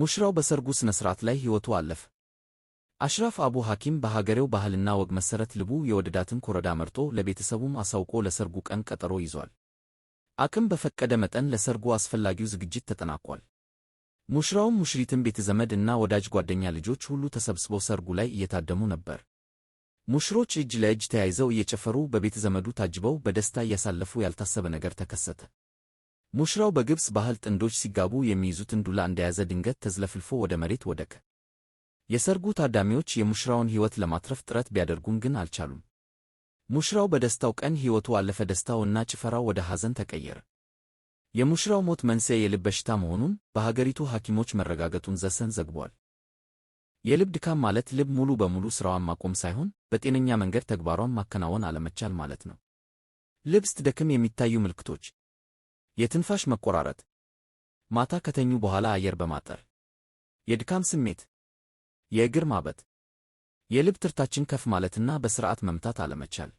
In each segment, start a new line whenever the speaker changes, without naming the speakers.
ሙሽራው በሰርጉ ሥነ ሥርዓት ላይ ሕይወቱ አለፈ። አሽራፍ አቡ ሐኪም በሀገሬው ባህልና ወግ መሠረት ልቡ የወደዳትን ኮረዳ መርጦ ለቤተሰቡም አሳውቆ ለሰርጉ ቀን ቀጠሮ ይዟል። አቅም በፈቀደ መጠን ለሰርጉ አስፈላጊው ዝግጅት ተጠናቋል። ሙሽራውም ሙሽሪትም ቤተ ዘመድ እና ወዳጅ ጓደኛ ልጆች ሁሉ ተሰብስበው ሰርጉ ላይ እየታደሙ ነበር። ሙሽሮች እጅ ለእጅ ተያይዘው እየጨፈሩ በቤተ ዘመዱ ታጅበው በደስታ እያሳለፉ ያልታሰበ ነገር ተከሰተ። ሙሽራው በግብፅ ባህል ጥንዶች ሲጋቡ የሚይዙትን ዱላ እንደያዘ ድንገት ተዝለፍልፎ ወደ መሬት ወደቀ። የሰርጉ ታዳሚዎች የሙሽራውን ሕይወት ለማትረፍ ጥረት ቢያደርጉም ግን አልቻሉም። ሙሽራው በደስታው ቀን ሕይወቱ አለፈ። ደስታው እና ጭፈራው ወደ ሐዘን ተቀየረ። የሙሽራው ሞት መንስኤ የልብ በሽታ መሆኑን በሀገሪቱ ሐኪሞች መረጋገጡን ዘሰን ዘግቧል። የልብ ድካም ማለት ልብ ሙሉ በሙሉ ሥራዋን ማቆም ሳይሆን በጤነኛ መንገድ ተግባሯን ማከናወን አለመቻል ማለት ነው። ልብ ስትደክም የሚታዩ ምልክቶች የትንፋሽ መቆራረጥ፣ ማታ ከተኙ በኋላ አየር በማጠር፣ የድካም ስሜት፣ የእግር ማበጥ፣ የልብ ትርታችን ከፍ ማለትና በስርዓት መምታት አለመቻል፣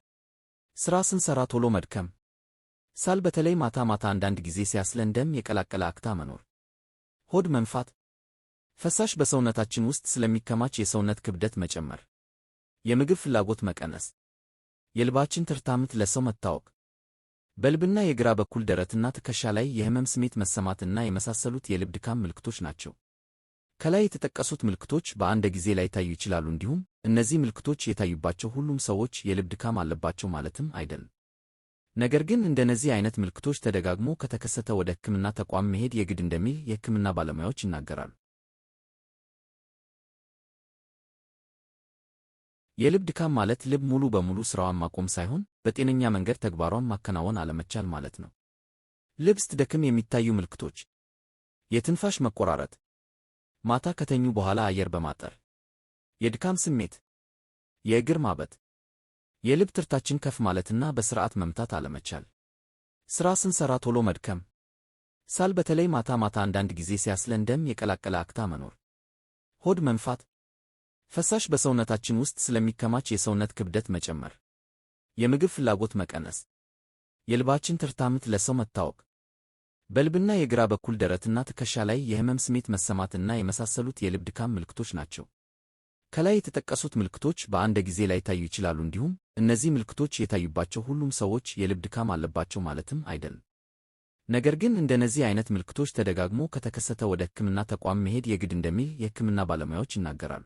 ስራ ስንሰራ ቶሎ መድከም፣ ሳል በተለይ ማታ ማታ አንዳንድ ጊዜ ሲያስለን ደም የቀላቀለ አክታ መኖር፣ ሆድ መንፋት፣ ፈሳሽ በሰውነታችን ውስጥ ስለሚከማች የሰውነት ክብደት መጨመር፣ የምግብ ፍላጎት መቀነስ፣ የልባችን ትርታ ምት ለሰው መታወቅ በልብና የግራ በኩል ደረትና ትከሻ ላይ የህመም ስሜት መሰማትና የመሳሰሉት የልብ ድካም ምልክቶች ናቸው። ከላይ የተጠቀሱት ምልክቶች በአንድ ጊዜ ላይታዩ ይችላሉ። እንዲሁም እነዚህ ምልክቶች የታዩባቸው ሁሉም ሰዎች የልብ ድካም አለባቸው ማለትም አይደለም። ነገር ግን እንደነዚህ አይነት ምልክቶች ተደጋግሞ ከተከሰተ ወደ ህክምና ተቋም መሄድ የግድ እንደሚል የህክምና ባለሙያዎች ይናገራሉ። የልብ ድካም ማለት ልብ ሙሉ በሙሉ ስራዋን ማቆም ሳይሆን በጤነኛ መንገድ ተግባሯን ማከናወን አለመቻል ማለት ነው። ልብ ስትደክም የሚታዩ ምልክቶች የትንፋሽ መቆራረጥ፣ ማታ ከተኙ በኋላ አየር በማጠር፣ የድካም ስሜት፣ የእግር ማበት፣ የልብ ትርታችን ከፍ ማለትና በስርዓት መምታት አለመቻል፣ ስራ ስንሰራ ቶሎ መድከም፣ ሳል በተለይ ማታ ማታ አንዳንድ ጊዜ ሲያስለን ደም የቀላቀለ አክታ መኖር፣ ሆድ መንፋት፣ ፈሳሽ በሰውነታችን ውስጥ ስለሚከማች የሰውነት ክብደት መጨመር የምግብ ፍላጎት መቀነስ፣ የልባችን ትርታምት ለሰው መታወቅ፣ በልብና የግራ በኩል ደረትና ትከሻ ላይ የህመም ስሜት መሰማትና የመሳሰሉት የልብ ድካም ምልክቶች ናቸው። ከላይ የተጠቀሱት ምልክቶች በአንድ ጊዜ ላይታዩ ይችላሉ። እንዲሁም እነዚህ ምልክቶች የታዩባቸው ሁሉም ሰዎች የልብ ድካም አለባቸው ማለትም አይደለም። ነገር ግን እንደነዚህ አይነት ምልክቶች ተደጋግሞ ከተከሰተ ወደ ህክምና ተቋም መሄድ የግድ እንደሚል የህክምና ባለሙያዎች ይናገራሉ።